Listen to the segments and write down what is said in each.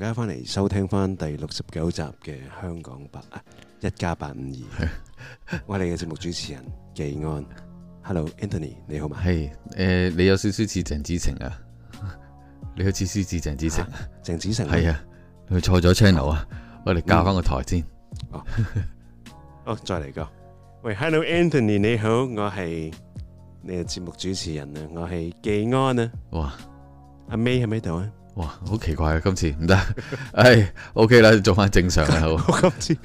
大家翻嚟收聽翻第六十九集嘅香港八一家八五二，我哋嘅節目主持人紀安，Hello Anthony 你好嘛？係誒，你有少少似鄭子誠啊？你有似似似鄭子誠啊？鄭子誠係啊，佢錯咗 channel 啊，我哋校翻個台先。哦，哦，再嚟個，喂，Hello Anthony 你好，我係你嘅節目主持人啊，我係紀安啊。哇，阿 May 係咪喺度啊？哇，好奇怪嘅，今次唔得，哎，OK 啦，做翻正常啦好。我今次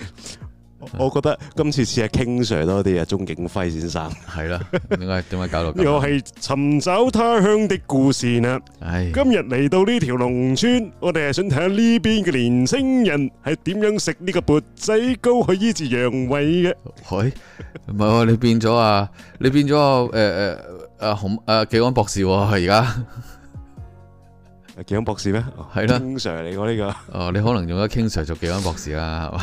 我覺得今次試下 King Sir 多啲啊，鍾景輝先生係啦，點解點解搞到又係尋找他鄉的故事啦？唉，今日嚟到呢條農村，我哋係想睇下呢邊嘅年青人係點樣食呢個缽仔糕去醫治陽痿嘅。喂，唔係喎，你變咗啊？你變咗誒誒啊紅啊技安博士喎，而家。技安博士咩？係啦，king sir 嚟，我呢個。哦，你可能用咗 king sir 做技安博士啦，係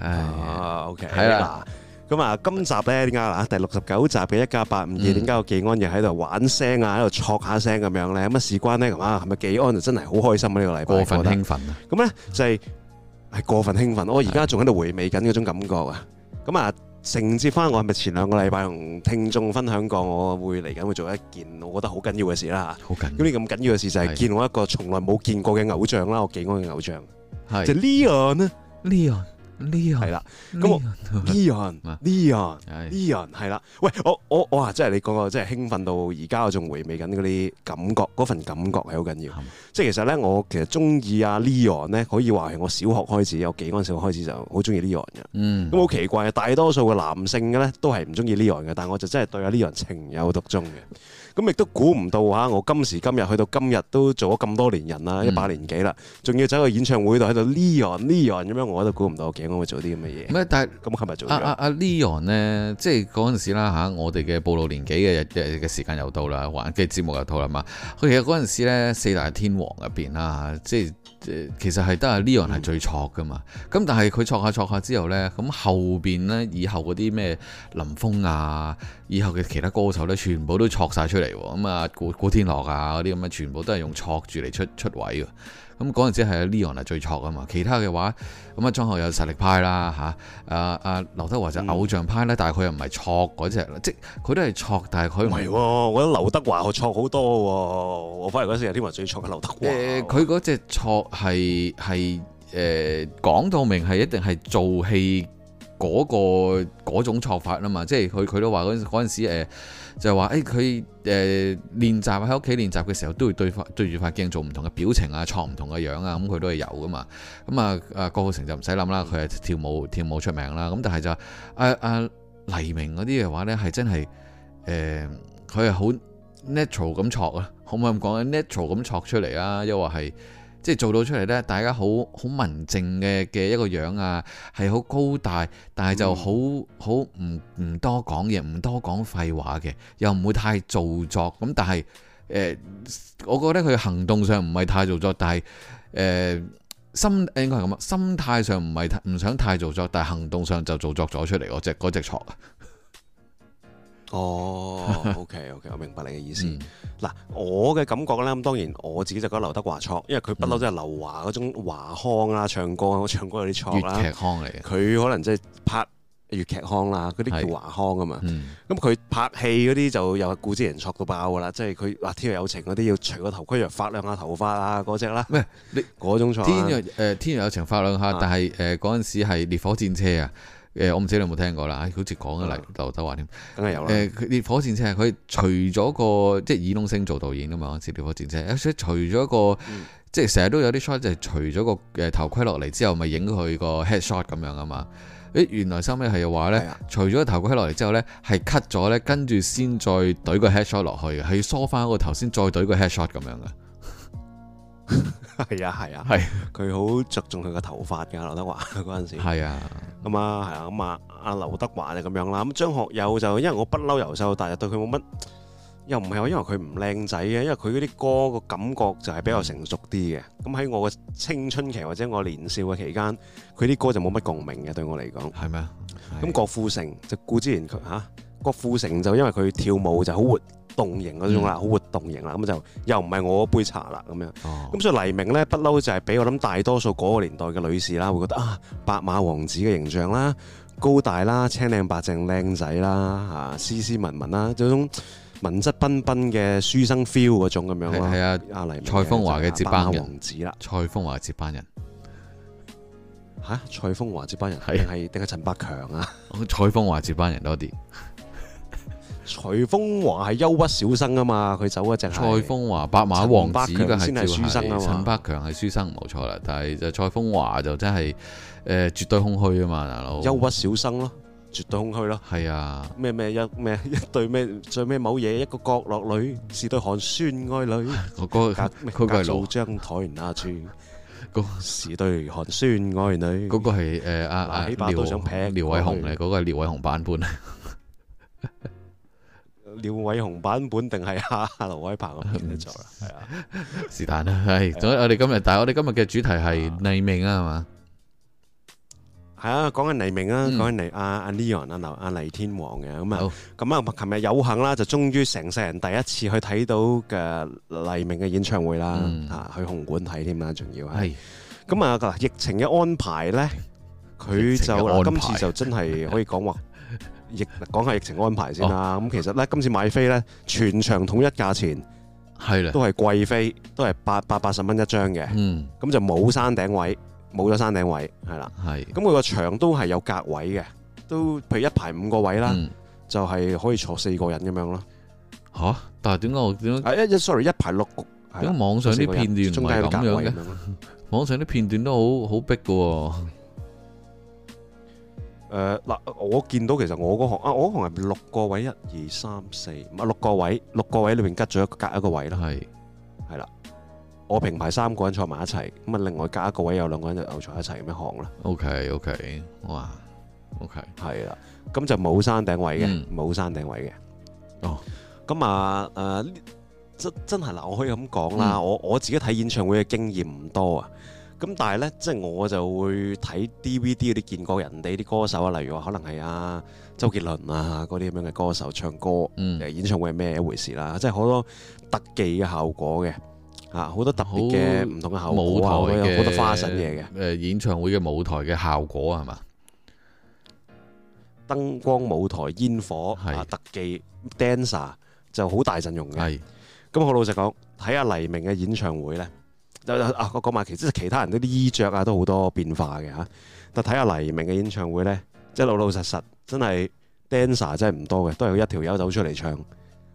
咪？啊，OK，係啦。咁啊，今集咧，點解嗱，第六十九集嘅一家八五二點解個技安又喺度玩聲啊，喺度撮下聲咁樣咧？咁啊事關咧，係咪？係咪技安就真係好開心啊？呢個禮拜過分興奮啊！我覺得。咁咧就係係過分興奮，我而家仲喺度回味緊嗰種感覺啊！咁啊～承接翻，我係咪前兩個禮拜同聽眾分享過，我會嚟緊會做一件我覺得好緊要嘅事啦嚇。咁呢咁緊要嘅事就係見我一個從來冇見過嘅偶像啦，的我技安嘅偶像。係，就 Leon 啊，Leon。Leon Leon 係啦了，咁 Leon，Leon，Leon，Leon 係啦。喂，我我我啊，即係你講個，真係興奮到而家我仲回味緊嗰啲感覺，嗰份感覺係好緊要。嗎即係其實咧，我其實中意阿 Leon 咧，可以話係我小學開始有幾嗰陣時，我開始就好中意 Leon 嘅。咁好、嗯、奇怪，大多數嘅男性嘅咧都係唔中意 Leon 嘅，但係我就真係對阿 Leon 情有獨鍾嘅。咁亦都估唔到啊！我今時今日去到今日都做咗咁多年人啦，一把年紀啦，仲、嗯、要走去演唱會度喺度 Leon，Leon 咁樣，Leon, Leon, Leon，我都估唔到嘅。我會做啲咁嘅嘢。咩是？但係咁係咪做？阿阿阿 Leon 呢？即係嗰陣時啦嚇、啊，我哋嘅暴露年紀嘅日嘅時間又到啦，玩嘅節目又到啦嘛。佢其實嗰陣時咧，四大天王入邊啦，即係其實係得阿 Leon 係最挫噶嘛。咁但係佢挫下挫下之後咧，咁後邊咧以後嗰啲咩林峯啊，以後嘅其他歌手咧，全部都挫晒出嚟喎。咁啊，古古天樂啊嗰啲咁啊，全部都係用挫住嚟出出位㗎。咁嗰陣時係 Leon 係最挫啊嘛，其他嘅話，咁啊張學友實力派啦嚇，啊啊劉德華就偶像派咧，但係佢又唔係挫嗰隻，嗯、即佢都係挫，但係佢唔係喎。我覺得劉德華我挫好多喎、啊，我反而覺得成日天最挫嘅劉德華。誒、呃，佢嗰隻挫係係誒講到明係一定係做戲嗰、嗰個嗰種挫法啊嘛，即係佢佢都話嗰嗰陣時就係話誒佢誒練習喺屋企練習嘅時候，都會對對住塊鏡做唔同嘅表情啊，挫唔同嘅樣、嗯嗯、啊，咁佢都係有噶嘛。咁啊啊郭富城就唔使諗啦，佢係跳舞跳舞出名啦。咁但係就啊啊黎明嗰啲嘅話呢，係真係誒佢係好 natural 咁挫啊，可唔可以咁講 natural 咁挫出嚟啊，又為係。即係做到出嚟呢，大家好好文靜嘅嘅一個樣啊，係好高大，但係就好好唔唔多講嘢，唔多講廢話嘅，又唔會太做作咁。但係誒，我覺得佢行動上唔係太做作，但係誒心應該係咁啊，心態上唔係太唔想太做作，但係行動上就做作咗出嚟只嗰隻床。那個那個哦、oh，OK OK，我明白你嘅意思。嗱、 嗯，我嘅感覺咧，咁當然我自己就覺得劉德華錯，因為佢不嬲都係劉華嗰種華腔啦，唱歌啊，唱歌，唱歌有啲錯啦，粵劇腔嚟嘅。佢可能即係拍粵劇腔啦、啊，嗰啲叫華腔啊嘛。咁佢、嗯、拍戲嗰啲就又係故之人錯到爆噶啦，即係佢、啊那個啊呃《天若有情》嗰啲要除個頭盔，又發亮下頭髮啊嗰隻啦。咩，嗰種錯。《天若有情》發亮下，但係誒嗰陣時係《烈火戰車》啊。誒、呃，我唔知你有冇聽過啦、哎，好似講嘅黎劉德華添，梗係、嗯、有啦。誒、呃，烈火戰車佢除咗個即係爾冬升做導演噶嘛，陣時烈火戰車，除咗個即係成日都有啲 shot，就係除咗個誒頭盔落嚟之後，咪影佢個 head shot 咁樣㗎嘛。誒，原來收尾係話咧，除咗個頭盔落嚟之後咧，係 cut 咗咧，跟住先再懟個 head shot 落去，係要梳翻個頭先再懟個 head shot 咁樣噶。係 啊係啊係，佢好着重佢個頭髮嘅劉德華嗰陣時，係啊咁啊係啊咁啊阿劉德華就咁樣啦。咁張學友就因為我不嬲由細到大，又對佢冇乜，又唔係因為佢唔靚仔嘅，因為佢嗰啲歌個感覺就係比較成熟啲嘅。咁喺我嘅青春期或者我年少嘅期間，佢啲歌就冇乜共鳴嘅對我嚟講。係咩？咁、啊、郭富城就顧之年吓，郭富城就因為佢跳舞就好活。動型嗰種啦，好、嗯、活動型啦，咁就又唔係我杯茶啦，咁樣。哦。咁所以黎明呢，不嬲就係俾我諗，大多數嗰個年代嘅女士啦，會覺得啊，白馬王子嘅形象啦，高大啦，青靚白淨靚仔啦，吓斯斯文文啦，嗰種文質彬彬嘅書生 feel 嗰種咁樣咯。係啊，阿黎明、啊。蔡楓華嘅接班王子啦。蔡楓華接班人。吓？蔡楓華接班人係定係定係陳百強啊？蔡楓華接班人多啲。蔡楓華係憂鬱小生啊嘛，佢走嗰隻係。蔡楓華，白馬王子先係書生啊，陳百強係書生冇錯啦，但係就蔡楓華就真係，誒絕對空虛啊嘛，大佬。憂鬱小生咯，絕對空虛咯。係啊。咩咩一咩一對咩最咩某嘢一個角落裏是對寒酸愛女，隔隔做張台那處，嗰是對寒酸愛女。嗰個係誒阿阿廖廖偉雄嘅，嗰個係廖偉雄版本。廖偉雄版本定係阿劉偉鵬嘅作品做啦，係啊，是但啦，係。所以我哋今日，但係我哋今日嘅主題係黎明啊嘛，係啊，講緊黎明啊，講緊黎阿阿 Leon 阿劉阿黎天王嘅咁啊，咁啊，琴日有幸啦，就終於成世人第一次去睇到嘅黎明嘅演唱會啦，啊，去紅館睇添啦，仲要係，咁啊，嗱，疫情嘅安排咧，佢就我今次就真係可以講話。亦講下疫情安排先啦。咁噢其實呢，今次買飛呢，全場統一價錢，係都係貴飛，都係八百八十蚊一張嘅。咁、嗯、就冇山頂位，冇咗山頂位，係啦。係的。咁佢個場都係有格位嘅，都譬如一排五個位啦，嗯、就係可以坐四個人咁樣咯。吓、啊？但係點解我點解？一、uh, sorry，一排六個。點解網上啲片段唔係咁樣嘅、啊？網上啲片段都好好逼嘅喎。 誒嗱，我見到其實我嗰行啊，我嗰行係六個位，一二三四，唔係六個位，六個位裏面隔咗一隔一個位咯，係係啦。我平排三個人坐埋一齊，咁啊另外隔一個位有兩個人就又坐一齊咁樣行啦。OK OK，哇 OK，係啦，咁就冇山頂位嘅，冇山頂位嘅。哦，咁啊誒，真真係嗱，我可以咁講啦，我我自己睇演唱會嘅經驗唔多啊。咁但係呢，即係我就會睇 DVD 嗰啲見過人哋啲歌手啊，例如話可能係啊周杰倫啊嗰啲咁樣嘅歌手唱歌，演唱會係咩一回事啦？即係好多特技嘅效果嘅，啊好多特別嘅唔同嘅效果啊，有好多花神嘢嘅演唱會嘅舞台嘅效果係嘛？燈光舞台煙火啊，是特技 dancer 就好大陣容嘅。咁好是老實講，睇下黎明嘅演唱會呢。啊，我講埋，其實其他人都啲衣着啊，都好多變化嘅嚇。但睇下黎明嘅演唱會咧，即老老實實，真係 dancer 真係唔多嘅，都係佢一條友走出嚟唱，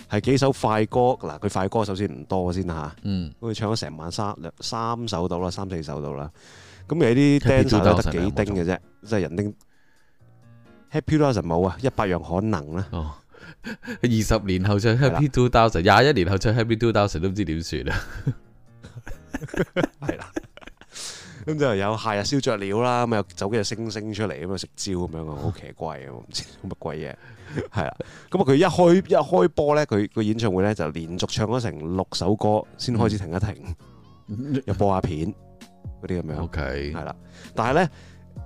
係幾首快歌嗱。佢、啊、快歌先、啊嗯、首先唔多先嚇，嗯，佢唱咗成晚三兩三首到啦，三四首到啦。咁有啲 dancer 得幾丁嘅啫，即係錯人丁。Happy Two Thousand 冇啊，一百樣可能啦、啊。二十、哦、年後唱 Happy Two Thousand 廿一年後唱 Happy Two Thousand 都唔知點算啊。 係啦，咁 就有夏日燒著料啦，咁啊又走幾隻星星出嚟，咁啊食蕉咁樣啊，好奇怪啊，我唔知乜鬼嘢，係啦，咁啊佢一開一開波咧，佢個演唱會咧就連續唱咗成六首歌，先開始停一停， 又播下片嗰啲咁樣，OK，係啦，但係咧。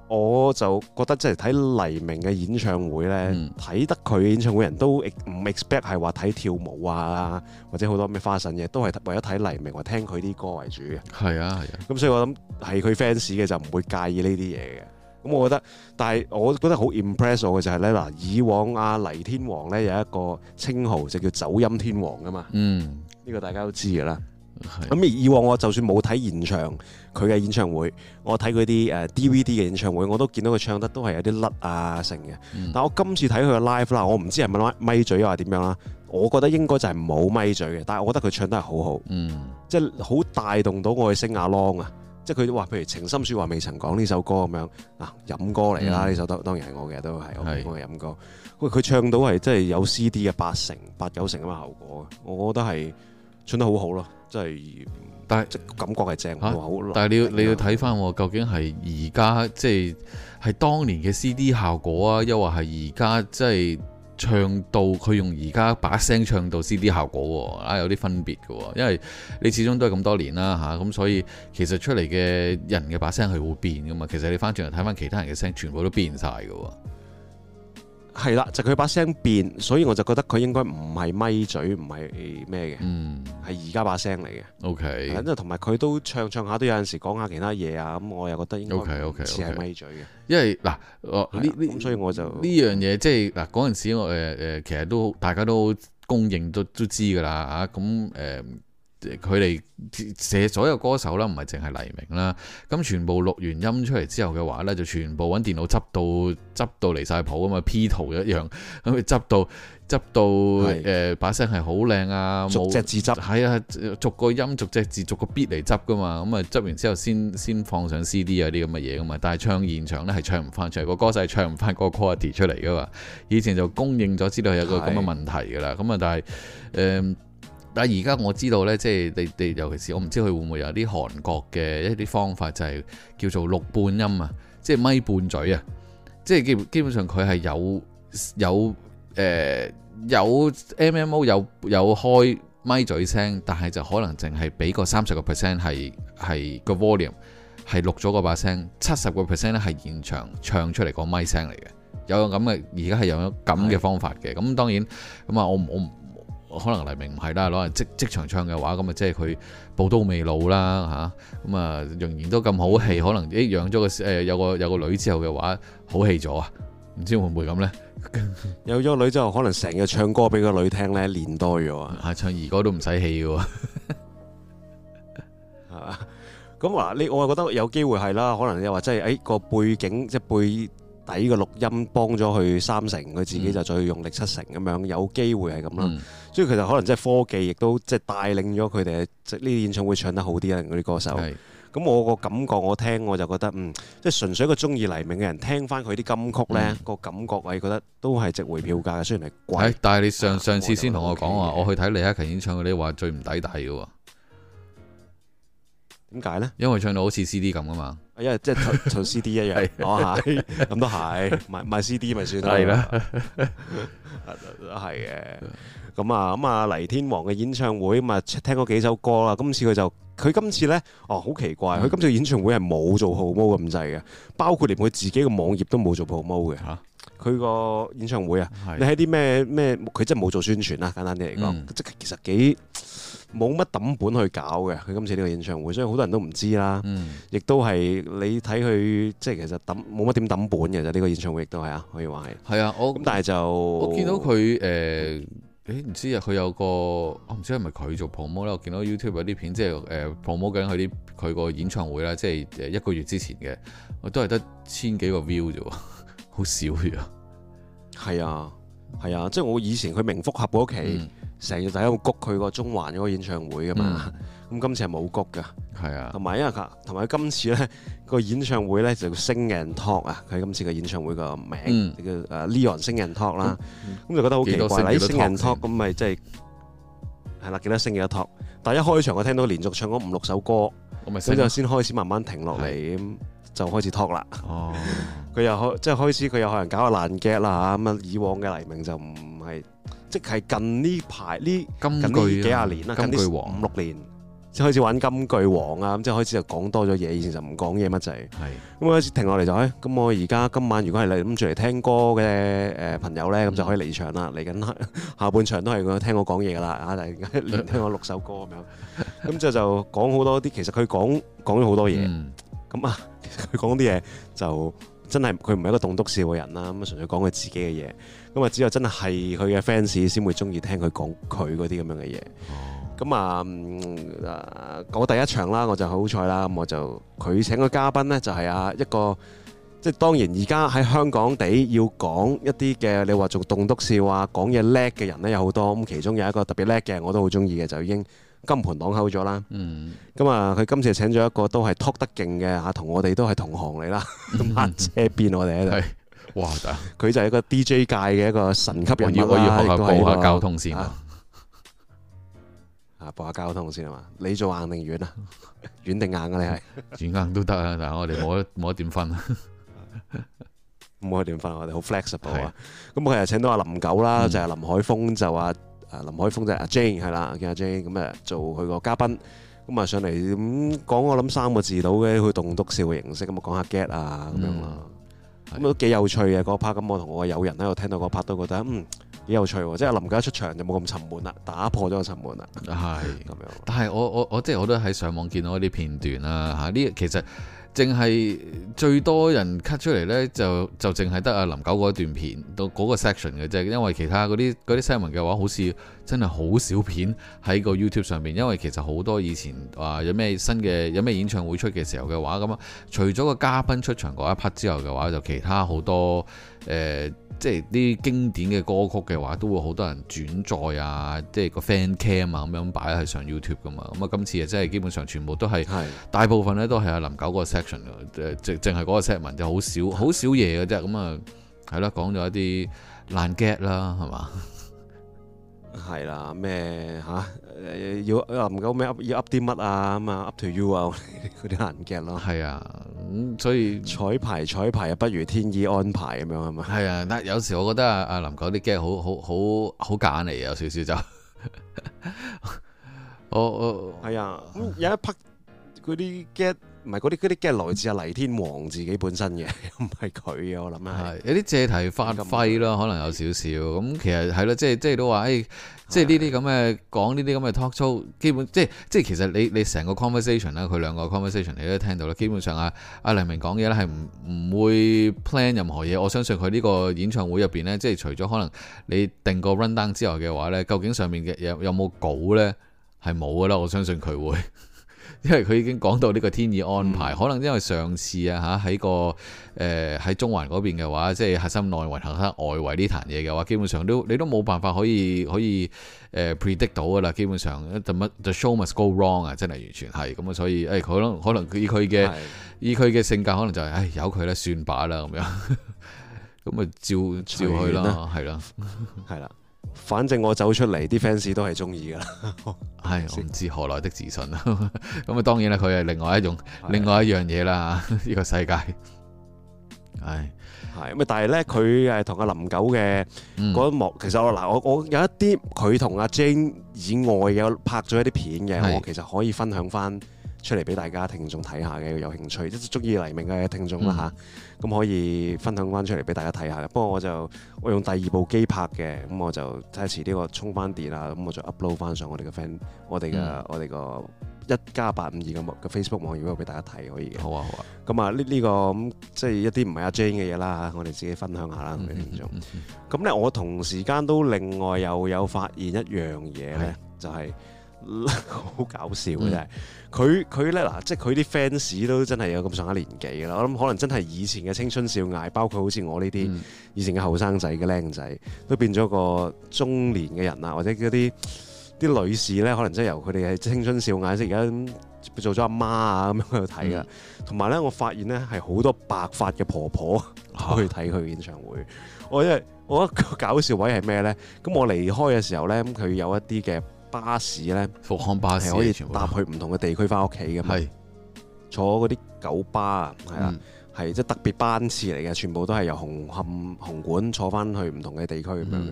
我就覺得即係睇黎明嘅演唱會咧，睇、嗯、得佢演唱會人都唔 expect 係話睇跳舞啊，或者好多咩花臣嘢，都係為咗睇黎明或聽佢啲歌為主嘅。係啊，係啊。咁所以我諗係佢 fans 嘅就唔會介意呢啲嘢嘅。咁我覺得，但係我覺得好 impress 我嘅就係咧，嗱，以往啊，黎天王咧有一個稱號就叫走音天王㗎嘛，呢、嗯、個大家都知㗎啦。咁以往我就算冇睇現場佢嘅演唱會，我睇佢啲誒 DVD 嘅演唱會，我都見到佢唱得都係有啲甩啊剩嘅。嗯、但我今次睇佢嘅 live 啦，我唔知係咪咪嘴啊點樣啦，我覺得應該就係冇咪嘴嘅。但係我覺得佢唱得係好好，嗯、即係好帶動到我嘅聲壓浪啊！即係佢話，譬如情深説話未曾講呢首歌咁樣啊，飲歌嚟啦，呢、嗯、首當然係我嘅都係、嗯、我嘅飲歌。佢是唱到係真係有 CD 嘅八成八九成咁嘅效果，我覺得係唱得好好咯。真係是、啊，但係感覺係正喎，但係你要你要睇翻究竟係而家即係係當年嘅 CD 效果啊，又話係而家即係唱到佢用而家把聲唱到 CD 效果啊，有啲分別㗎。因為你始終都係咁多年啦嚇，咁、啊、所以其實出嚟嘅人嘅把聲係會變㗎嘛。其實你翻轉嚟睇翻其他人嘅聲，全部都變曬㗎。係啦，就佢、是、把聲變，所以我就覺得佢應該唔係咪嘴，唔係咩嘅，係而家把聲嚟嘅。OK，咁就同埋佢都唱唱下，都有陣時講下其他嘢啊。咁、嗯、我又覺得應該唔似係咪嘴嘅，okay, okay, okay. 因為嗱，呢咁所以我就呢樣嘢即係嗱嗰陣時我，我誒誒其實都大家都公認都都知㗎啦嚇。咁、啊、誒。啊佢哋寫所有歌手啦，唔係淨係黎明啦，咁全部錄完音出嚟之後嘅話呢，就全部揾電腦執到執到離晒譜啊嘛，P 圖一樣，咁咪執到執到誒把的、呃、聲係好靚啊，逐隻字執，係啊，逐個音逐隻字逐個 beat 嚟執噶嘛，咁啊執完之後先先放上 CD 啊啲咁嘅嘢噶嘛，但係唱現場呢，係唱唔翻出嚟，個歌手係唱唔翻個 quality 出嚟噶嘛，以前就公認咗知道有個咁嘅問題噶啦，咁啊的但係誒。嗯嗯但而家我知道咧，即係你你尤其是我唔知佢會唔會有啲韓國嘅一啲方法，就係、是、叫做錄半音啊，即係咪半嘴啊，即係基基本上佢係有有誒、呃、有 M、MM、M O 有有開咪嘴聲，但係就可能淨係俾個三十個 percent 係係個 volume 係錄咗個把聲七十個 percent 咧係現場唱出嚟個咪聲嚟嘅，有咁嘅而家係有咁嘅方法嘅，咁當然咁啊我我唔。我可能黎明唔係啦，攞人即即場唱嘅話，咁啊即係佢寶刀未老啦嚇，咁啊仍然、啊、都咁好氣，可能啲養咗個誒、呃、有個有個女之後嘅話，好氣咗啊，唔知會唔會咁呢？ 有咗女之後，可能成日唱歌俾個女聽咧，練多咗啊，唱兒歌都唔使氣喎，咁 啊、啊，你我覺得有機會係啦，可能又話真係誒個背景即、即係、背。底個錄音幫咗佢三成，佢自己就再用力七成咁、嗯、樣，有機會係咁啦。嗯、所以其實可能即係科技亦都即係帶領咗佢哋，即呢啲演唱會唱得好啲啊！嗰啲歌手。咁是我個感覺，我聽我就覺得，嗯，即、就、係、是、純粹一個鍾意黎明嘅人，聽翻佢啲金曲呢、嗯、個感覺我係覺得都係值回票價嘅，雖然係貴。但係你上、啊、上次先同我講話，我去睇李克勤演唱嗰啲話最唔抵抵嘅喎。點解咧？因為唱到好似 C D 咁啊嘛！因為即係同 C D 一樣，哦係，咁都係賣賣 C D 咪算啦，係咩，係嘅。咁啊咁啊，黎天王嘅演唱會咁啊，聽過幾首歌啦。今次佢就佢今次咧，哦好奇怪，佢今次嘅演唱會係冇做 promo 咁滯嘅，包括連佢自己嘅網頁都冇做 promo 嘅。吓，佢個演唱會啊，你喺啲咩咩，佢真係冇做宣傳啦，簡單啲嚟講，即係其實幾。冇乜抌本去搞嘅，佢今次呢個演唱會，所以好多人都唔知啦。亦、嗯、都係你睇佢，即係其實抌冇乜點抌本嘅，就、這、呢個演唱會亦都係啊，可以話係。係啊，我咁但係就我見到佢誒，誒、呃、唔、欸、知啊，佢有個我唔知係咪佢做 promote 咧我見到 YouTube 啲片，即係誒 promote 緊佢啲佢個演唱會啦，即係誒一個月之前嘅，我都係得千幾個 view 啫喎，好 很少 啊。係啊，係啊，即係我以前佢名復合嗰期。嗯成日第一個谷佢個中環嗰個演唱會噶嘛，咁今次係冇谷噶，係啊，同埋因為佢，同埋今次咧個演唱會咧就叫星人 talk 啊，佢今次嘅演唱會個名叫 Leon 星人 talk 啦，咁就覺得好奇怪，星人 talk 咁咪即係係啦，幾得星幾多 k，但一開場我聽到連續唱嗰五六首歌，咁就先開始慢慢停落嚟，咁就開始 t a 託啦。哦，佢又開即係開始，佢又可能搞個難 g e 啦嚇。咁啊，以往嘅黎明就唔係。即係近呢排呢近呢幾廿年啦，近呢、啊、五六年，即係開始玩金句王啊！咁即係開始就講多咗嘢，以前就唔講嘢乜滯。係咁開始停落嚟就，哎，咁我而家今晚如果係你諗住嚟聽歌嘅誒朋友咧，咁就可以離場啦。嚟緊係下半場都係我聽我講嘢噶啦啊！嚟緊、嗯、 連聽我六首歌咁樣，咁之 後就講好多啲。其實佢講講咗好多嘢，咁啊、嗯，佢講啲嘢就。真係佢唔係一個棟篤笑嘅人啦，咁純粹講佢自己嘅嘢，咁啊只有真係佢嘅 fans 先會中意聽佢講佢嗰啲咁樣嘅嘢。咁啊、哦、嗯，我第一場啦，我就好彩啦，咁我就佢請個嘉賓呢，就係啊一個即係當然而家喺香港地要講一啲嘅，你做話做棟篤笑啊講嘢叻嘅人呢，有好多，咁其中有一個特別叻嘅，我都好中意嘅就已經。金盆黨口咗啦，咁啊佢今次請咗一個都係 talk 得勁嘅吓，同我哋都係同行嚟啦，咁啊車邊我哋喺度，哇！佢就係一個 DJ 界嘅一個神級人物，要我要學下報下交通先啊，啊報下交通先啊嘛，你做硬定軟啊，軟定硬啊？你係軟硬都得啊，但係我哋冇得冇得點分啊，冇得點分啊！我哋好 flexible 啊，咁我哋又請到阿林九啦，就係林海峰就話。林海峰就阿 Jane 係啦，見阿 Jane 咁、嗯、誒做佢個嘉賓，咁、嗯、啊上嚟咁、嗯、講我諗三個字到嘅，佢棟篤笑嘅形式，咁啊講下 get 啊咁樣啊，咁都幾有趣嘅嗰 part。咁、那個、我同我嘅友人喺我聽到嗰 part 都覺得嗯幾有趣喎。即係林家出場就冇咁沉悶啦，打破咗個沉悶啦。係咁是樣。但係我我我即係、就是、我都喺上網見到啲片段啦嚇，呢、嗯、其實。淨係最多人 cut 出嚟呢，就就淨係得阿林九嗰段片到嗰個 section 嘅啫，因為其他嗰啲嗰啲 statement 嘅話好，好似。真係好少片喺個 YouTube 上面，因為其實好多以前話有咩新嘅有咩演唱會出嘅時候嘅話，咁啊除咗個嘉賓出場嗰一 part 之後嘅話，就其他好多誒、呃，即係啲經典嘅歌曲嘅話，都會好多人轉載啊，即係個 fan cam 啊咁樣擺喺 you 上 YouTube 噶嘛。咁啊，今次啊真係基本上全部都係，的大部分咧都係阿林九個 section，誒、呃，淨淨係嗰個 section 就好少好少嘢嘅啫。咁啊，係咯，講咗一啲爛 get 啦，係嘛？係啦，咩嚇？誒要阿林哥咩 up 要 up 啲乜啊？咁啊 up to you 啊，嗰啲硬 gag 咯。係啊，所以彩排彩排又不如天意安排咁樣係咪？係啊，但有時我覺得阿、啊、阿林講啲 gag 好好好好揀嚟，有少少就，哦哦係啊，有一 part 嗰啲 get。唔係嗰啲嗰啲嘅來自阿黎天王自己本身嘅，唔係佢嘅，我諗係 有啲借題發揮咯，嗯、可能有少少咁。其實係咯，即係即係都話，誒，即係呢啲咁嘅講呢啲咁嘅 talk show，基本即係即係其實你你成個 conversation 啦，佢兩個 conversation 你都聽到啦。基本上啊，阿黎明講嘢咧係唔唔會 plan 任何嘢。我相信佢呢個演唱會入邊咧，即係除咗可能你定個 run down 之外嘅話咧，究竟上面嘅有有冇稿咧係冇噶啦。我相信佢會。因為佢已經講到呢個天意安排，可能因為上次啊，嚇喺個誒喺中環嗰邊嘅話，即係核心內圍、核心外圍呢壇嘢嘅話，基本上都你都冇辦法可以可以誒 predict 到噶啦，基本上 the show must go wrong 啊，真係完全係咁啊，所以佢可能可能依佢嘅依佢嘅性格，可能就係誒由佢啦，算把啦咁樣，咁啊照照佢啦，係啦，係啦。是的 反正我走出嚟，啲 fans 都係中意噶啦。係、 哎、我唔知何來的自信啊。咁啊，當然啦，佢係另外一種、的另外一樣嘢啦。呢 個世界係係咁但咁。但係咧，佢係同阿林九嘅嗰幕，嗯、其實我嗱，我我有一啲佢同阿 Jane 以外嘅拍咗一啲片嘅，的我其實可以分享翻。出嚟俾大家聽眾睇下嘅，有興趣，即中意黎明嘅聽眾啦嚇，咁、嗯啊、可以分享翻出嚟俾大家睇下。不過我就我用第二部機拍嘅，咁我就睇下遲啲我充翻電啊，咁我就 upload 翻上我哋嘅 friend，我哋嘅我哋個一家八五二嘅 Facebook 網頁俾大家睇可以好、啊。好啊好啊，咁啊呢呢個咁、嗯、即係一啲唔係阿 Jane 嘅嘢啦嚇，我哋自己分享下啦，啲聽眾。咁咧、嗯嗯、我同時間都另外又有發現一樣嘢咧，是就係、是。好 搞笑嘅，佢佢咧嗱，即係佢啲 fans 都真係有咁上下年紀啦。我諗可能真係以前嘅青春少艾，包括好似我呢啲以前嘅後生仔嘅靚仔，都變咗個中年嘅人啦，或者嗰啲啲女士咧，可能真係由佢哋係青春少艾，而家做咗阿媽啊咁樣喺度睇噶。同埋咧，我發現咧係好多白髮嘅婆婆去睇佢嘅演唱會。啊、我覺得我一個搞笑位係咩咧？咁我離開嘅時候咧，咁佢有一啲嘅。巴士咧，復康巴士係可以全部搭去唔同嘅地區返屋企嘅嘛，是坐嗰啲九巴啊，係啦、嗯，係即係特別班次嚟嘅，全部都係由紅磡、紅館坐返去唔同嘅地區咁樣。咁、嗯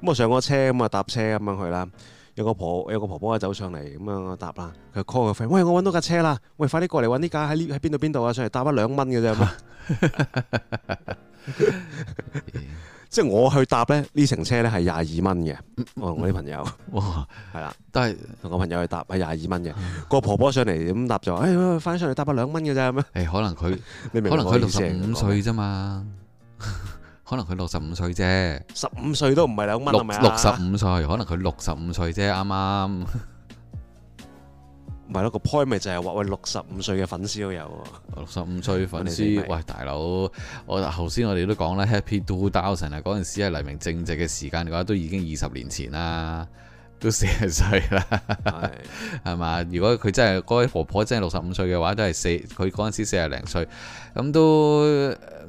嗯、我上個車咁啊、嗯，搭車咁樣去啦。有個婆有個婆婆啊，走上嚟咁啊，搭啦。佢 call 個 friend，喂，我揾、hey, 到架車啦，喂，快啲過嚟揾呢架喺喺邊度邊度啊，上嚟搭啊，兩蚊嘅啫。即係我去搭咧，呢程車咧係廿二蚊嘅。嗯、我同我啲朋友，哇，係啦了，都係同我朋友去搭係廿二蚊嘅。哎、個婆婆上嚟咁搭咗，哎呀，翻上嚟搭咗兩蚊嘅咋咁啊？誒、哎，可能佢，你明我意思啊？可能佢六十五歲啫嘛，可能佢 六十五歲啫，十五歲都唔係兩蚊六十五歲，可能佢六,六十五歲啫，啱啱。啱啱。唔係咯，個 point 咪就係話，喂，六十五歲嘅粉絲都有喎。六十五歲粉絲，喂大佬，我頭先我哋都講啦 Happy Do Daw 成日嗰陣時係黎明正值嘅時間嘅話，都已經二十年前啦，都四十歲啦，係係嘛？如果佢真係嗰位婆婆真係六十五歲嘅話，都係四佢嗰陣時四十零歲咁都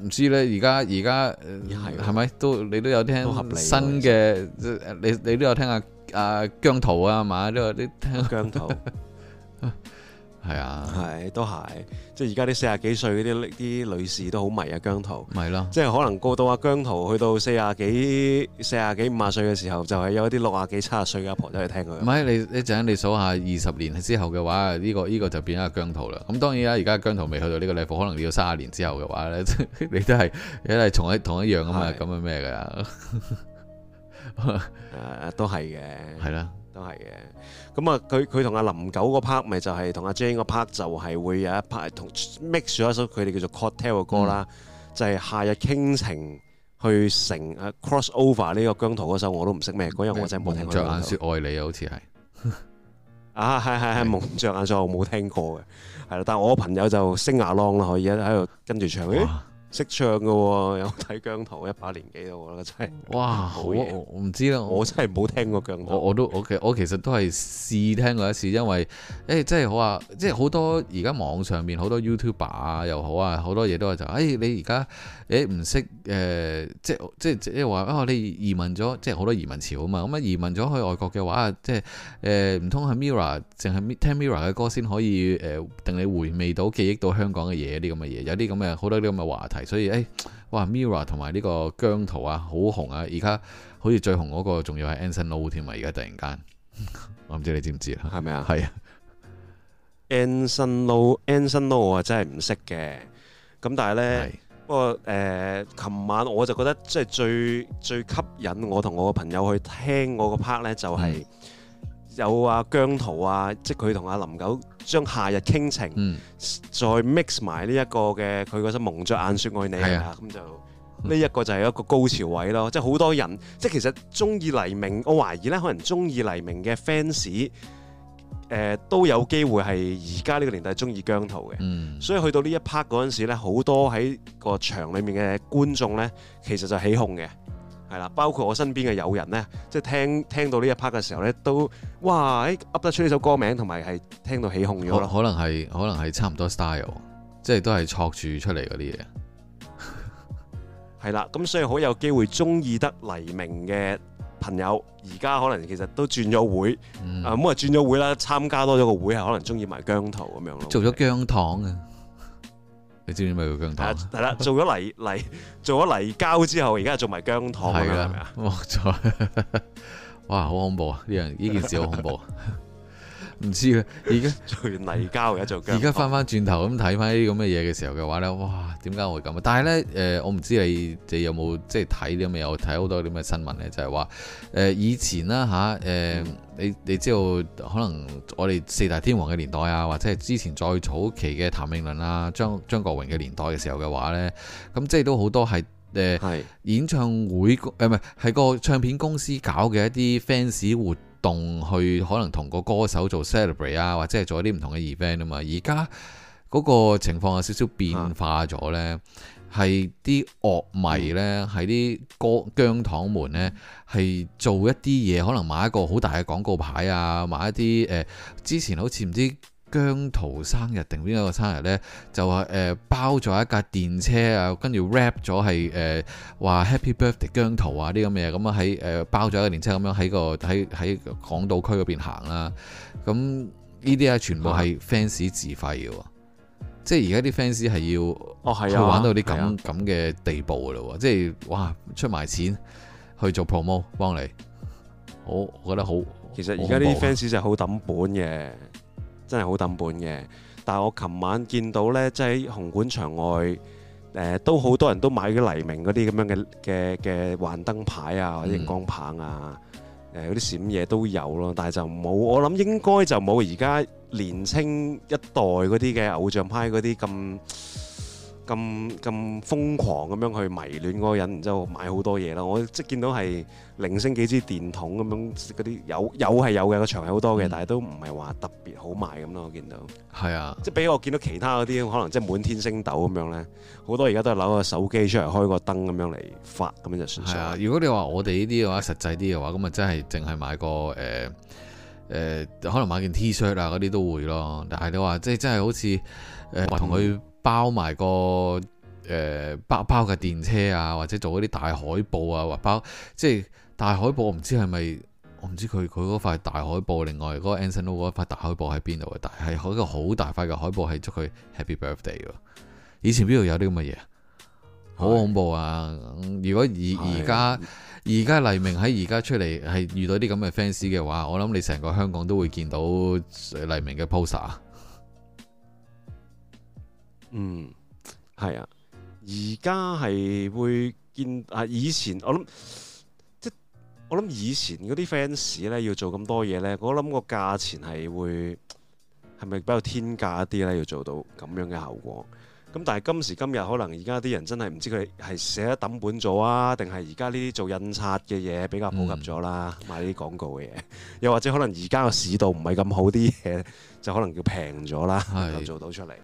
唔知咧。而家而家係咪都你都有聽新嘅？你你都有聽阿阿姜濤啊？嘛，都有啲聽姜濤。係 啊，係都係，即係而家啲四十幾歲嗰啲啲女士都好迷啊姜濤，咪咯的，即係可能過到阿姜濤去到四十幾四十幾五十歲嘅時候，就係有啲六十幾七十歲嘅阿婆走去聽佢。唔係你一陣，你數下二十年之後嘅話，呢、這個呢、這個就變咗阿姜濤啦。咁當然啦、啊，而家姜濤未去到呢個 level，可能你要三十年之後嘅話咧， 你都係你都係同一同一樣咁的 啊咁樣咩嘅，都係嘅，係啦。 都係嘅，咁、嗯、啊，佢佢同阿林九嗰 part 咪就係、是、同阿 Jane 嗰 part 就係會有一 part 同 mix 咗一首佢哋叫做 cocktail 嘅歌啦，嗯、就係夏日傾情去成啊、uh, cross over 呢個姜濤嗰首我都唔識咩歌，嗰日我真係冇聽過。著眼說愛你 啊，好似係，啊係係係，蒙著眼說愛我冇聽過嘅，係啦， 但我個朋友就星牙 long 啦，可以喺度跟住唱。識唱嘅喎，有睇姜濤一把年紀嘅我覺得真係哇！是好我我唔知啦，我真係冇聽過姜濤。我都我其我其實都係試聽過一次，因為誒、欸、真係好啊，即係好多而家網上面好多 YouTuber 啊又好啊，好多嘢都係就誒你而家誒唔識誒，即即即係話啊，你移民咗，即係好多移民潮啊嘛，咁啊移民咗去外國嘅話即係誒唔、呃、通係 Mirror 淨係聽 Mirror 嘅歌先可以誒，令、呃、你回味到記憶到香港嘅嘢啲咁嘅嘢，有啲咁嘅好多啲咁嘅話題。所以，哎，哇，Mirror 同埋呢個姜濤啊，好紅啊！而家好似最紅嗰個，仲要係 Anson Lo 添啊！而家突然間，我唔知你知唔知啦，係咪啊？係啊，Anson Lo，Anson Lo 我真係唔識嘅。咁但係呢，是不過誒，琴、呃、晚我就覺得即係最最吸引我同我個朋友去聽我個 part 呢就、嗯，就係。有阿姜濤啊，即係佢同阿林九將夏日傾情，嗯、再 mix 埋呢一個嘅佢嗰首蒙着眼說愛你啊，咁、嗯、就呢一、這個就係一個高潮位咯，嗯、即係好多人，即係其實中意黎明，我懷疑咧可能中意黎明嘅 fans，誒都有機會係而家呢個年代中意姜濤嘅，嗯、所以去到呢一 part 嗰陣時咧，好多喺個場裏面嘅觀眾咧，其實就起哄嘅。係啦，包括我身邊嘅友人呢，即係聽聽到呢一 part 嘅時候呢，都哇噏得出呢首歌名，同埋係聽到起哄咗。可能係，可能係差唔多 style，即係都係錯住出嚟嗰啲嘢。係 啦，咁所以好有機會中意得黎明嘅朋友，而家可能其實都轉咗會，咁啊、嗯呃、轉咗會啦，參加多咗個會係可能中意埋姜濤咁樣咯，做咗姜糖啊！你知唔知咩叫姜糖？係啦，做咗泥泥，做咗泥膠之後，而家又做埋姜糖，係咪啊？係啦 哇，好恐怖啊！呢樣呢件事好恐怖。 唔知啊，而家最泥膠，嘅，家做而家翻翻轉頭咁睇翻啲咁嘅嘢嘅時候嘅話呢？哇！點解我會咁？但係呢，誒、呃，我唔知你哋有冇即係睇啲咁嘅，就係、有睇好多啲咩新聞呢？就係話誒，以前啦吓，誒、啊呃，你你知道可能我哋四大天王嘅年代啊，或者係之前再早期嘅譚詠麟啊、張張國榮嘅年代嘅時候嘅話呢，咁即係都好多係誒，係、呃、是的 演唱會誒，唔係係個唱片公司搞嘅一啲 fans 活動去可能同個歌手做 celebrate 啊，或者係做一啲唔同嘅 event 啊嘛。而家嗰個情況有少少變化咗呢，係啲、啊、樂迷呢，係啲、嗯、歌、姜糖們呢，係做一啲嘢，可能買一個好大嘅廣告牌啊，買一啲誒、呃，之前好似唔知，姜濤生日定邊一個生日咧？就話誒、呃、包咗一架電車啊，跟住 wrap 咗係誒話 Happy Birthday 姜濤啊啲咁嘅嘢，咁啊喺誒包咗一架電車咁樣喺個喺喺港島區嗰邊行啦。咁呢啲係全部係 fans 自費嘅，即係而家啲 fans 係要哦係啊，玩到啲咁咁嘅地步噶咯，即係哇出埋錢去做 promo 幫你，好我，我覺得好。其實而家啲 fans 就好抌本嘅。真係好抌本嘅，但係我琴晚見到呢，即係喺紅館場外，誒、呃、都好多人都買啲黎明嗰啲咁樣嘅嘅嘅幻燈牌啊，或者熒光棒啊，誒嗰啲閃嘢都有咯，但係就冇，我諗應該就冇而家年青一代嗰啲嘅偶像派嗰啲咁。咁咁瘋狂咁樣去迷戀嗰個人，然之後買好多嘢咯。我即見到係零星幾支電筒咁樣，嗰啲有有係有嘅個場係好多嘅，嗯、但係都唔係話特別好賣咁咯。我見到係是啊，即係畀我見到其他嗰啲可能即係滿天星斗咁樣咧，好多而家都係攞個手機出嚟開個燈咁樣嚟發咁樣就算數。啊，如果你我話我哋呢啲嘅話實際啲嘅話，咁啊真係淨係買個誒誒、呃呃，可能買件 T-shirt 啊嗰啲都會咯。但係你話即係真係好似誒同佢。呃包埋個誒、呃、包包嘅電車啊，或者做嗰啲大海報啊，或包即係大海報我是是，唔知係咪我唔知佢佢嗰塊大海報，另外嗰個 Anson Lo 嗰塊大海報喺邊度？但係嗰個好大塊嘅海報係祝佢 Happy Birthday 喎。以前邊度有啲咁嘅嘢？好的恐怖啊！如果而而家而家黎明喺而家出嚟係遇到啲咁嘅 fans 嘅話，我諗你成個香港都會見到黎明嘅 poster。嗯，係啊，而家係會見啊，以前我諗，即我諗以前嗰啲 fans 咧要做咁多嘢咧，我諗個價錢係會係咪比較天價一啲咧？要做到咁樣嘅效果，咁但係今時今日可能而家啲人真係唔知佢係寫一抌本做啊，定係而家呢啲做印刷嘅嘢比較普及咗啦，賣啲廣告嘅嘢，又或者可能而家個市道唔係咁好，啲嘢就可能叫平咗啦，就是做到出嚟。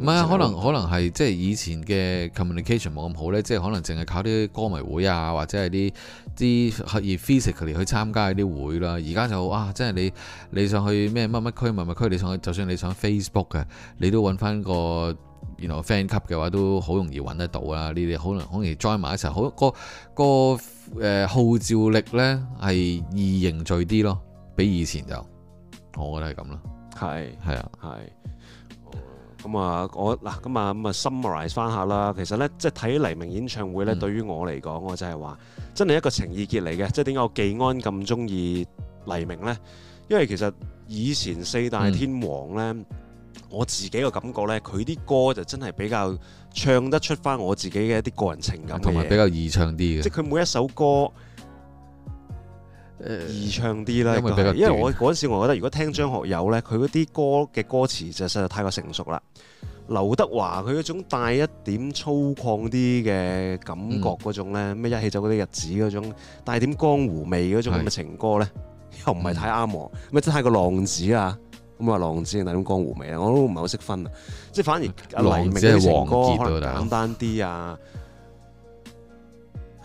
唔係啊可，可能可能係即係以前嘅 communication 冇咁好咧，即係可能淨係靠啲歌迷會啊，或者係啲啲可以 physically 嗰啲去參加啲會啦。而家就哇，即係你你想去咩乜乜區乜乜區，你想去，就算你上 Facebook 嘅，你都揾翻個原來 friend 級嘅話，都好容易揾得到啦。你哋可能好容易 join 埋一齊，好個個誒號召力咧係易凝聚啲咯，比以前就我覺得係咁咯。係係是啊，係、啊。咁啊，我嗱咁啊咁啊 summarize 翻下啦。其實咧，即係睇黎明演唱會咧，嗯、對於我嚟講，我就係話，真係一個情意結嚟嘅。即係點解我技安咁中意黎明咧？因為其實以前四大天王咧，嗯、我自己嘅感覺咧，佢啲歌就真係比較唱得出翻我自己嘅一啲個人情感，同埋比較易唱啲嘅。即係佢每一首歌。易唱啲啦，因為，因為我嗰陣時，我覺得如果聽張學友咧，佢嗰啲歌嘅歌詞就實在太過成熟啦。劉德華佢嗰種帶一點粗獷啲嘅感覺嗰種咧，咩、嗯、一起走嗰啲日子嗰種帶點江湖味嗰種咁嘅情歌咧，又唔係太啱我。咪真係個浪子啊！咁話浪子，帶點江湖味啊湖味！我都唔係好識分啊，即係反而黎明嘅情歌可能簡單啲啊。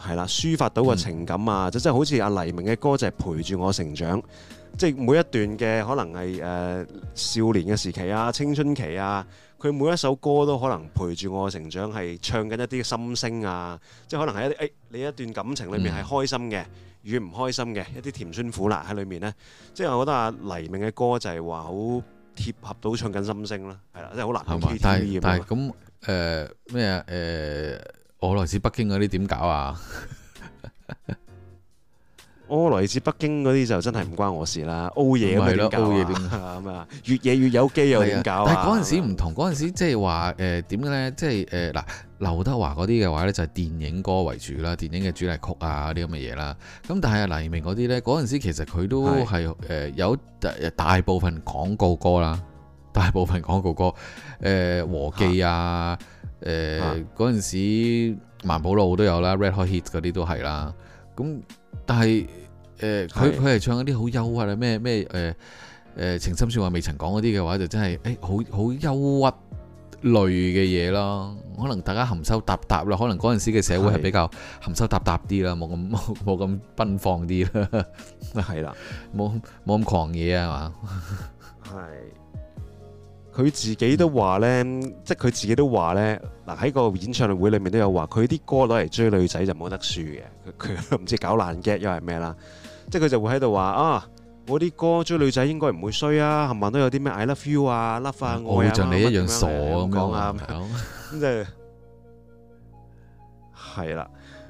係啦，抒發到個情感啊，即即、嗯、好似阿黎明嘅歌就係陪住我成長，嗯、即每一段嘅可能係誒、呃、少年嘅時期啊、青春期啊，佢每一首歌都可能陪住我成長，係唱緊一啲心聲啊，即可能係一啲誒、哎、你一段感情裏面係開心嘅、嗯、與唔開心嘅一啲甜酸苦辣喺裏面呢。即我覺得阿黎明嘅歌就係話好貼合到唱緊心聲啦、啊。係啦，真係好難吧。但但係咁誒咩啊誒？我來自北京嗰啲點搞啊？我 來自北京嗰啲就真係唔關我事啦，O 嘢咁樣搞，O 嘢點啊，夜啊 越夜越有機又點搞、啊啊？但係嗰陣時唔同，嗰陣 時即係、呃就是呃、話誒點嘅咧，即係誒嗱劉德華嗰啲嘅話咧就係電影歌為主啦，電影嘅主題曲啊啲咁嘅嘢啦。咁但係黎明嗰啲咧，嗰陣時其實佢都係誒的、呃、有大大部分廣告歌啦，大部分廣告歌誒、呃、和記啊。嗯誒嗰陣時，萬寶路都有啦，Red Hot Hits 嗰啲都係啦。咁但係誒，佢佢係唱一啲好憂鬱啊，咩咩誒誒情深説話未曾講嗰啲嘅話，就真係誒好好憂鬱類嘅嘢咯。可能大家含羞答答啦，可能嗰陣時嘅社會係比較含羞答答啲啦，冇咁冇咁奔放啲啦。係啦的，冇冇咁狂野啊嘛。係。佢自己都話咧，即係佢自己都話咧，嗱喺個演唱會裏面都有話，佢啲歌攞嚟追女仔就冇得輸嘅，佢唔知搞爛嘅又係咩啦？即係佢就會喺度話啊，我啲歌追女仔應該唔會衰啊，係咪都有啲咩 I Love You 啊、Love 愛啊，我像、啊、你一樣，樣，一樣傻咁講啊，即係係啦，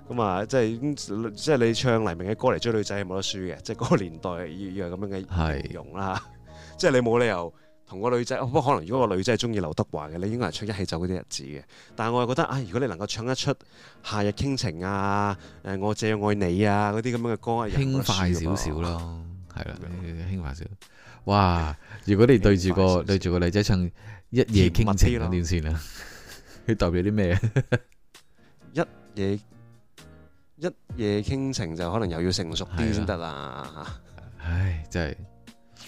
咁啊，即係即係你唱黎明嘅歌嚟追女仔係冇得輸嘅，即係嗰個年代要要係咁樣嘅形容啦，即係 你冇理由。同個女仔，不過可能如果個女仔係中意劉德華嘅，你應該係唱《一起走嗰啲日子》嘅。但係我又覺得，啊、哎，如果你能夠唱一出《夏日傾情》啊、《誒我這樣愛你》啊嗰啲咁樣嘅歌，輕快少少咯，係啦，輕快少少。哇！如果你對住個點點對住個女仔唱《一夜傾情》咁點算啊？佢 代表啲咩？ 一夜一夜傾情就可能又要成熟啲先得啦。 唉，真係。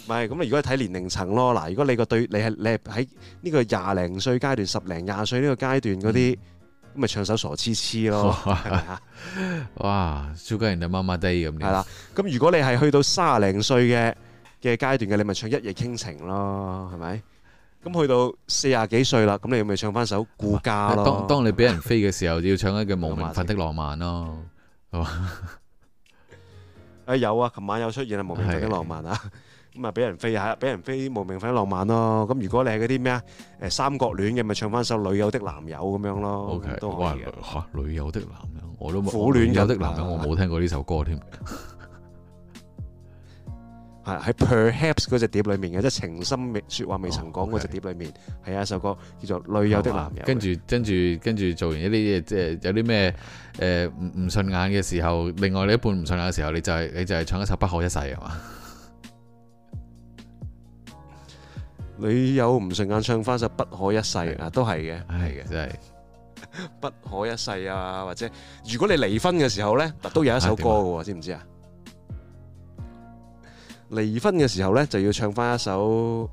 唔係，咁啊！如果你睇年齡層咯，嗱，如果你個對你係你喺呢個廿零歲階段、嗯、十零廿歲呢個階段嗰啲，咁咪、嗯、唱首傻痴痴咯，係咪啊？哇！超級人哋媽媽地咁。係啦，咁、嗯、如果你係去到三十零歲嘅嘅階段嘅，你咪唱一夜傾情咯，係咪？咁、嗯、去到四十幾歲啦，咁你咪唱翻首顧家咯當。當你俾人飛嘅時候， 要唱一句《無名份的浪漫咯》咯，係嘛、 哎？啊有啊，琴晚有出現啊，哎《無名份的浪漫》啊。哎咁啊，俾人飛啊，俾人飛，無名份浪漫咯。咁如果你係嗰啲咩啊，誒三角戀嘅，咪唱翻首《女友的男友》咁樣咯。O K，女友的男友，我都苦戀的男友，我冇聽過呢首歌添。係喺 Perhaps 嗰隻碟裏面嘅，即係情深未説話未曾講嗰隻碟裏面，係啊一首歌叫做《女友的男友》。跟住跟住跟住做完一啲嘢，即係有啲咩誒唔唔順眼嘅時候，另外你一半唔順眼嘅時候，你就係你就係唱一首《不可一世》啊嘛。你有唔順眼唱翻首《不可一世》啊，都係嘅，係嘅，真係《不可一世》啊，或者如果你離婚嘅時候咧，都有一首歌嘅喎，知唔知啊？離婚嘅時候咧，就要唱翻一首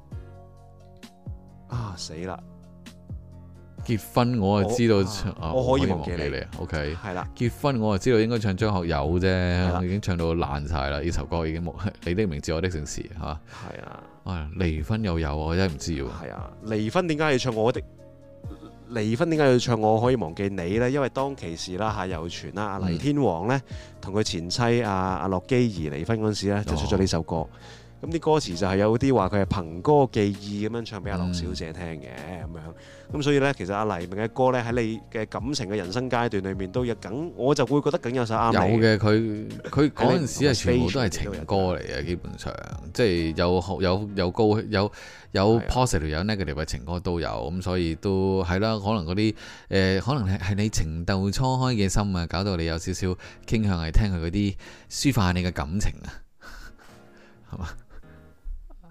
啊死啦！結婚我就知道唱，唱，我可以忘記你，OK，係啦的。結婚我就知道應該唱張學友啫，的我已經唱到爛晒啦。呢的首歌已經冇，你的名字我的姓氏，吓係啊。離的、哎、婚又有我真係唔知喎。係啊，離婚點解要唱我的？離婚點解要唱，我，要唱我，我可以忘記你呢，因為當其時啦吓，有傳啦阿黎天王呢，同佢的、嗯、前妻阿阿、啊、樂基兒離婚嗰陣時咧，就出咗呢首歌。咁啲歌詞就係有啲話佢係憑歌寄意咁樣唱俾阿樂小姐聽嘅咁、嗯、樣，咁所以呢，其實阿黎明嘅歌呢，喺你嘅感情嘅人生階段裏面都有，梗。我就會覺得梗有首啱你。有嘅佢佢嗰陣時係 和 全部都係情歌嚟嘅，基本上即係有有有，有高有有 positive 嘅 negative 嘅情歌都有，咁的所以都係啦。可能嗰啲誒，可能係你情竇初開嘅心啊，搞到你有少少傾向係聽佢嗰啲抒發你嘅感情啊，係嘛？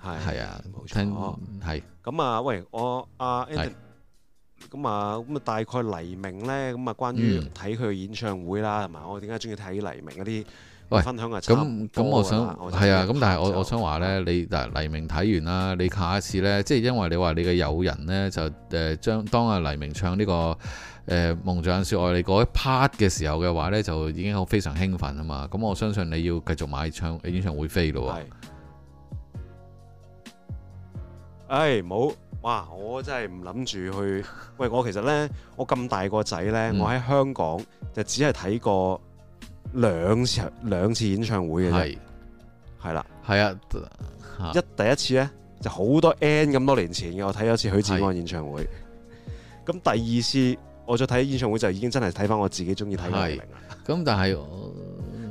係啊，冇錯，咁啊！喂，我阿 a 咁啊咁啊，大概黎明呢，咁啊，關於睇佢嘅演唱會啦，係嘛？我點解中意睇黎明嗰啲？喂，分享啊，咁咁，我想係啊，咁但係我我想話呢，你黎明睇完啦，你下一次呢，即係因為你話你嘅友人呢，就誒將當啊黎明唱呢個誒夢想説愛你嗰一 part 嘅時候嘅話呢，就已經好非常興奮啊嘛！咁我相信你要繼續買唱演唱會飛咯。誒，唔好、哎，哇！我真係唔諗住去。喂，我其實呢，我咁大個仔呢，嗯、我喺香港就只係睇過兩場、兩次演唱會嘅啫。係啦是，係了啊，一第一次呢，就好多 N 咁多年前嘅，我睇咗一次許志安演唱會。咁是第二次我再睇演唱會就已經真係睇翻我自己中意睇嘅名。咁但係，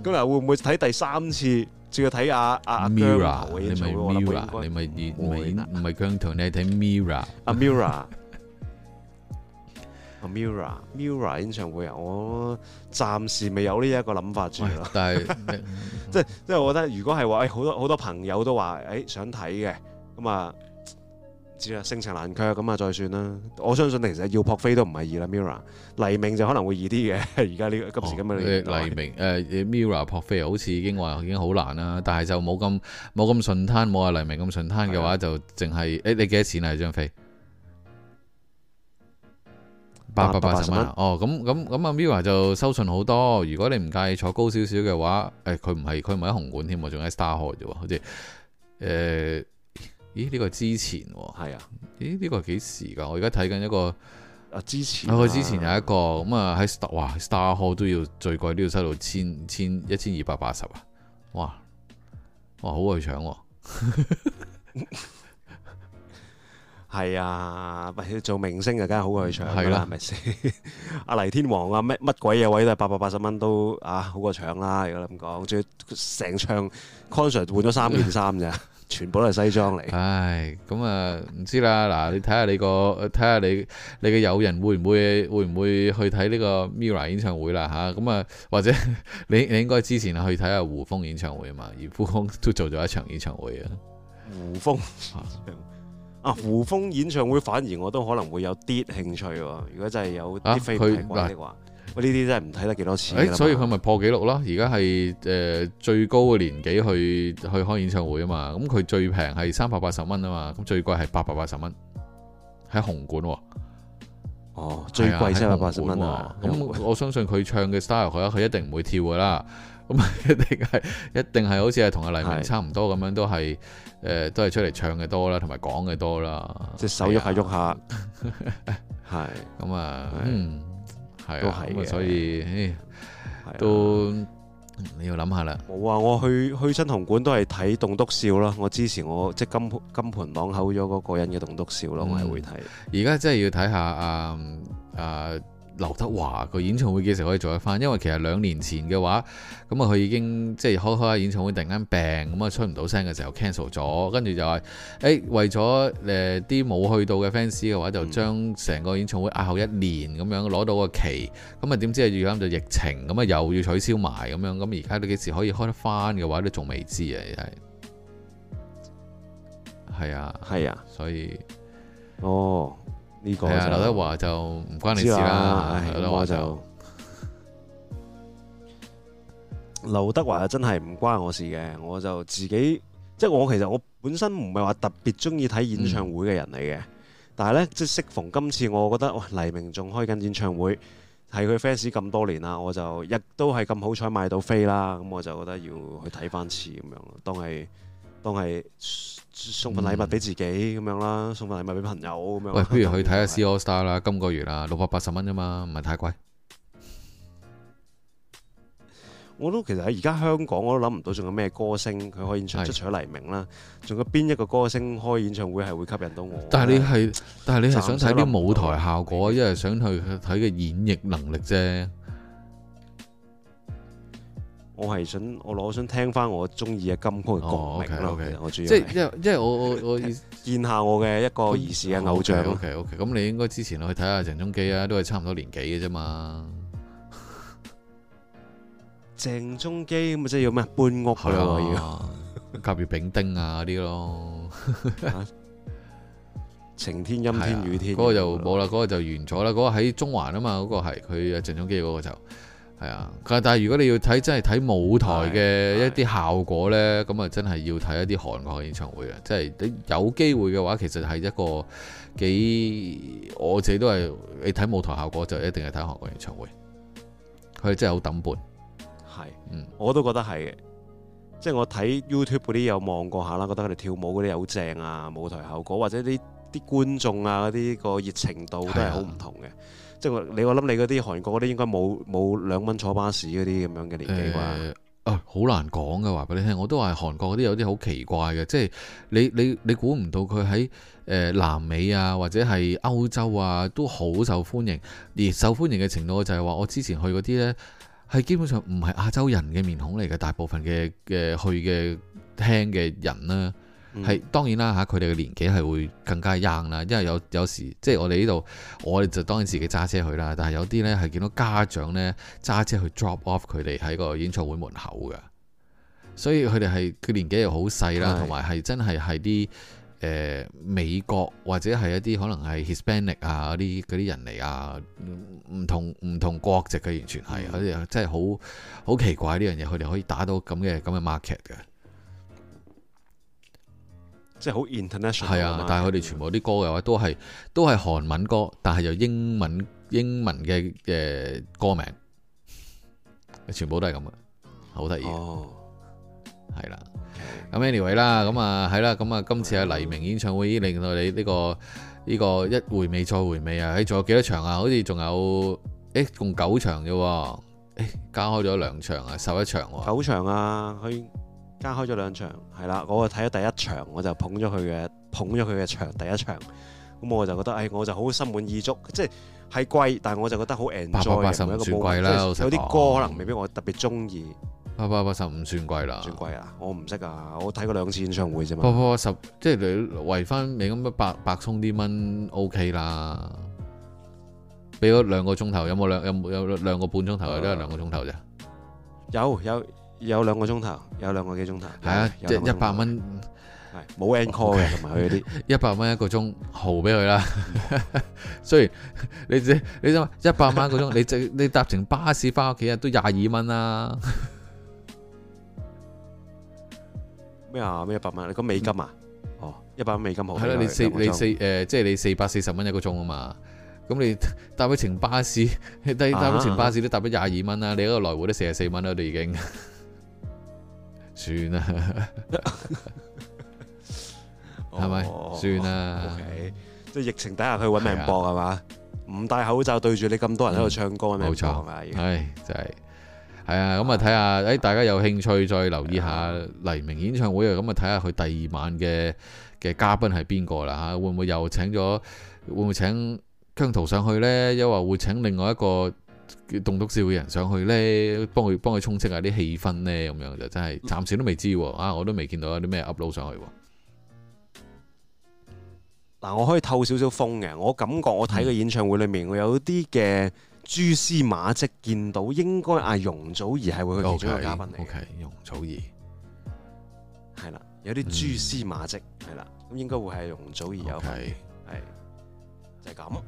咁啊 會唔會睇第三次？要睇下阿阿 MIRROR，你咪 MIRROR 你咪唔係唔係姜濤，你係睇 MIRROR 阿 MIRROR 阿 MIRROR MIRROR 演唱會啊！我暫時未有呢一個諗法住咯。但係即即係我覺得，如果係話，誒、哎、好多好多朋友都話，誒、哎、想睇嘅咁啊。知啦，盛情難卻咁啊，再算啦。我相信其實要撲飛都唔係易啦，MIRROR 黎明就可能會易啲嘅。而家呢個今時今日、哦、黎明誒，MIRROR 撲飛好似已經話已經好難啦、啊。但係就冇咁冇咁順攤，冇話黎明咁順攤嘅話，的就淨係誒你幾多錢啊？張飛八百八十蚊。哦，咁咁咁阿 MIRROR 就收盡好多。如果你唔介意坐高少少嘅話，誒佢唔係佢唔係喺紅館添，仲喺 Star Hall 啫喎，好似誒。咦？呢、這個之前喎，係啊！咦？呢、這個係幾時㗎？我而家睇緊一個啊，之前佢之前有一個咁啊喺 Star 哇，Star Hall 都要最貴都要收到千千一千二百八十啊！哇哇，好過搶喎、啊！係 啊，做明星啊，梗係好過搶啦，係咪先？阿黎天王啊，咩乜鬼嘢位都係八百八十蚊都啊，好過搶啦、啊！如果你咁講，仲要成場 concert 換咗三件衫咋？全部都係西裝嚟，唉，咁啊唔知啦，嗱，看看你睇下你個，睇下你你嘅友人會唔會會唔會去睇呢個 Mirror 演唱會啦吓，咁啊，啊或者 你你應該之前去睇下胡峯演唱會啊嘛，而胡峯都做咗一場演唱會 啊，胡峯 啊胡峯演唱會反而我都可能會有啲興趣喎，如果真係有啲非平呢啲真係唔睇得幾多次。所以佢咪破紀錄咯？而家係誒最高嘅年紀去去開演唱會啊嘛。咁佢最平係三百八十蚊啊嘛。咁最貴係八百八十蚊，喺紅館喎。哦，最貴三百八十蚊。咁我相信佢唱嘅 style，佢一定唔會跳㗎啦。咁一定係一定係好似係同阿黎明差唔多咁樣，都係誒都係出嚟唱嘅多啦，同埋講嘅多啦。隻手喐下喐下，係咁啊。係、啊、都係，所以，都你、啊、要諗下啦。冇啊，我去去新紅館都係睇棟篤笑啦。我之前我即金金盆朗口咗嗰個人嘅棟篤笑咯，嗯、我係會睇。而家真係要睇下啊啊！呃呃劉德華個演唱會幾時可以做一翻？因為其實兩年前嘅話，咁啊佢已經即係開開下演唱會，突然間病，咁啊出唔到聲嘅時候 cancel 咗，跟住就係誒、欸、為咗誒啲冇去到嘅 fans 嘅話，就將成個演唱會押後一年咁樣攞到個期，咁啊點知啊遇啱就疫情，咁啊又要取消埋咁樣，咁而家都幾時可以開得翻嘅話，都仲未知啊，係係啊，係啊，所以哦。呢個、就是、劉德華就唔關你事啦，係咯，我就劉德華真係唔關我事嘅，我就自己即係我其實我本身唔係話特別鍾意睇演唱會嘅人嚟嘅，嗯、但係呢，即係適逢今次，我覺得黎明仲開緊演唱會，係佢 fans 咁多年啦，我就亦都係咁好彩買到飛啦，咁我就覺得要去睇返次咁樣咯，當係。當係送份禮物俾自己咁樣啦，送份禮物俾朋友咁樣。喂，不如去睇下《C All Star》啦，今個月啊，六百八十蚊啫嘛，唔係太貴。我都其實喺而家香港，我都諗唔到仲有咩歌星佢可以出出除咗黎明啦，仲有邊一個歌星開演唱會係會吸引到我？但係你係，但係你係想睇啲舞台效果，一係想去睇嘅演繹能力啫。我係想我攞想聽翻我中意嘅金曲歌名、哦、o、okay, k、okay，我主要。即係因為因為我我我見下我嘅一個兒時嘅偶像。OK OK，咁、okay, 嗯、你應該之前去睇下鄭中基，鄭中基啊，都係差唔多年紀嘅啫嘛。鄭中基咪即係要咩搬屋噶啦，要甲乙丙丁啊啲咯。晴 天陰天雨天，嗰、啊那個就冇啦，嗰了個就完咗啦。嗰、那個喺中環啊嘛，嗰、那個係佢鄭中基嗰個就。係啊，但係如果你要睇真係睇舞台嘅一啲效果呢，咁啊的真係要睇一啲韓國嘅演唱會啊！即係你有機會嘅話，其實係一個幾我自己都係，你睇舞台效果就一定係睇韓國演唱會，佢真係好抌伴，係的，嗯、我都覺得係即係我睇 YouTube 嗰啲有望過下啦，覺得佢哋跳舞嗰啲好正啊，舞台效果或者啲啲觀眾啊嗰啲個熱情度都係好唔同嘅。即係你我諗你嗰啲韓國嗰啲應該冇冇兩蚊坐巴士嗰啲咁樣嘅年紀啩啊，好、欸呃、難講嘅話俾你聽。我都話韓國嗰啲有啲好奇怪嘅，即係你你你估唔到佢喺誒南美啊或者係歐洲啊都好受歡迎。而受歡迎嘅程度就係話我之前去嗰啲呢，係基本上唔係亞洲人嘅面孔嚟嘅，大部分嘅嘅去嘅聽嘅人咧、啊。係當然啦嚇，佢哋嘅年紀係會更加 young 啦，因為有有時即係我哋呢度，我哋就當然自己揸車去啦。但係有啲呢，係見到家長呢揸車去 drop off 佢哋喺個演唱會門口嘅，所以佢哋係佢年紀又好細啦，同埋係真係係啲誒美國或者係一啲可能係 Hispanic 啊嗰啲嗰啲人嚟啊，唔同唔同國籍嘅，完全係佢哋真係好好奇怪呢樣嘢，佢哋可以打到咁嘅咁嘅 market 嘅。即係好 international，係啊！但係佢哋全部啲歌嘅話都係都係韓文歌，但係又英文英文嘅嘅歌名，全部都係咁嘅，好得意。哦，係啦。咁 anyway 啦，咁啊係啦，咁啊今次啊黎明演唱會已經令到你呢個呢個一回味再回味啊！誒仲有幾多場啊？好似仲有誒共九場嘅，誒加開咗兩場啊，十一場喎。九場啊，去。加開咗兩場，係啦，我睇咗第一場，我就捧咗佢嘅捧咗佢嘅場第一場，咁、嗯、我就覺得，哎、欸，我就好心滿意足，即係係貴，但係我就覺得好 enjoy。八百八十五唔算貴啦，有啲歌可能未必我特別中意。八百八十五唔算貴啦。算貴啊？我唔識啊，我睇過兩次演唱會啫嘛。八百八十五，即係你圍翻你咁，百百充啲蚊 OK 啦。俾咗兩個鐘頭，有冇兩有冇有，有兩個半鐘頭？都係兩個鐘頭咋？有有。有有有有兩個鐘頭，有兩個幾鐘頭，係啊，即係一百蚊，係冇 encore 嘅，同埋佢啲一百蚊一個鐘，豪俾佢啦。雖然你你想一百蚊一個鐘， 你你搭乘巴士翻屋企啊，都廿二蚊啦。咩啊？咩一百蚊？你講美金啊？嗯、哦，一百蚊美金豪。係啦、啊，你四你四誒、呃，即、就、係、是、你四百四十蚊一個鐘啊嘛。咁你搭咗成巴士，搭搭咗成巴士都搭咗廿二蚊啦。你一個來回都四十四蚊啦，都已經。算啦，係 咪、 哦？算啦，okay. 即係疫情底下去搵命搏係嘛，唔、啊、戴口罩對住你咁多人喺度唱歌，冇錯啊！係就係，係啊，咁啊睇下，誒，大家有興趣再留意下黎明演唱會啊，咁啊睇下佢第二晚嘅嘅嘉賓係邊個啦吓？會唔會又請咗？會唔會請姜濤上去呢？又話會請另外一個？棟篤笑嘅人上去咧，幫佢幫佢充斥下啲氣氛咧，咁樣就真係暫時都未知喎。啊，我都未見到有啲咩 upload 上去。嗱，我可以透少少風嘅，我感覺我睇個演唱會裡面，我有啲嘅蛛絲馬迹見到，應該阿容祖兒係會其中嘅嘉賓嚟。O、okay, K，、okay, 容祖兒係啦，有啲蛛絲馬迹係啦，咁、嗯、應該會係容祖兒有份係 Okay. 就係、是、咁。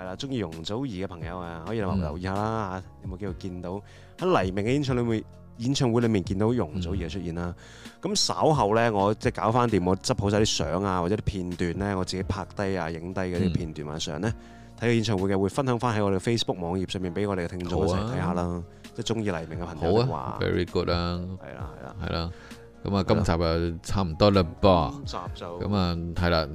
係啦，中意容祖兒嘅朋友啊，可以留留意下啦。有冇機會見到喺黎明嘅演唱會？演唱會裡面見到容祖兒嘅出現啦。咁稍後咧，我即係搞翻掂，我執好晒啲相啊，或者啲片段咧，我自己拍低啊、影低嘅啲片段啊相咧，睇個演唱會嘅會分享翻喺我哋 Facebook 網頁上面，俾我哋嘅聽眾一齊睇下啦。即係中意黎明嘅朋友。好啊，Very good 啦，係啦，係啦，係啦。咁啊，今集啊，差唔多啦噃。集就咁啊，係啦。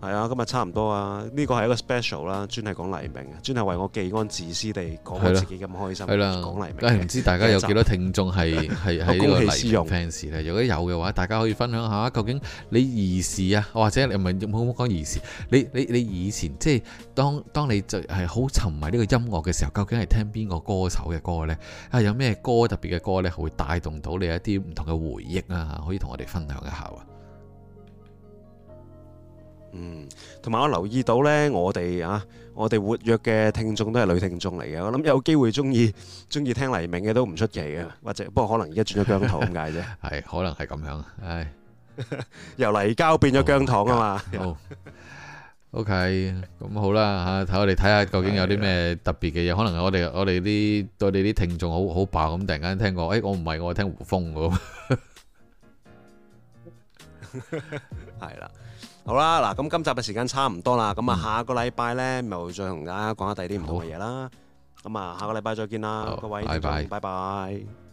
係啊，今日差唔多啊！呢個係一個 special 啦，專係講黎明啊，專係為我技安自私地講了自己咁開心，係啦了，講黎明。誒，唔知大家有幾多聽眾係係係呢個黎明 fans 咧？ 如果有嘅話，大家可以分享下，究竟你兒時啊，或者你唔係好好講兒時，你你你以前即係當當你就係好沉迷呢個音樂嘅時候，究竟係聽邊個歌手嘅歌呢？啊，有咩歌特別嘅歌呢？會帶動到你一啲唔同嘅回憶啊？可以同我哋分享一下啊！嗯，同埋我留意到咧，我哋啊，我哋活躍嘅聽眾都係女聽眾嚟嘅。我諗有機會中意中意聽黎明嘅都唔出奇嘅，或者不過可能而家轉咗姜糖咁解啫。係可能係咁樣，唉，由泥膠變咗姜糖啊嘛。好，OK，咁好啦吓，睇我哋睇下究竟有啲咩特別嘅嘢。可能我哋我哋啲對我哋啲聽眾好好爆咁，突然間聽過，誒，我唔係，我聽胡楓嘅，係啦。好啦，嗱，咁今集嘅時間差唔多、嗯、啦，咁啊好下個禮拜咧，咪再同大家講下第二啲唔同嘅嘢啦。咁啊，下個禮拜再見啦，好各位，拜拜 bye。Bye bye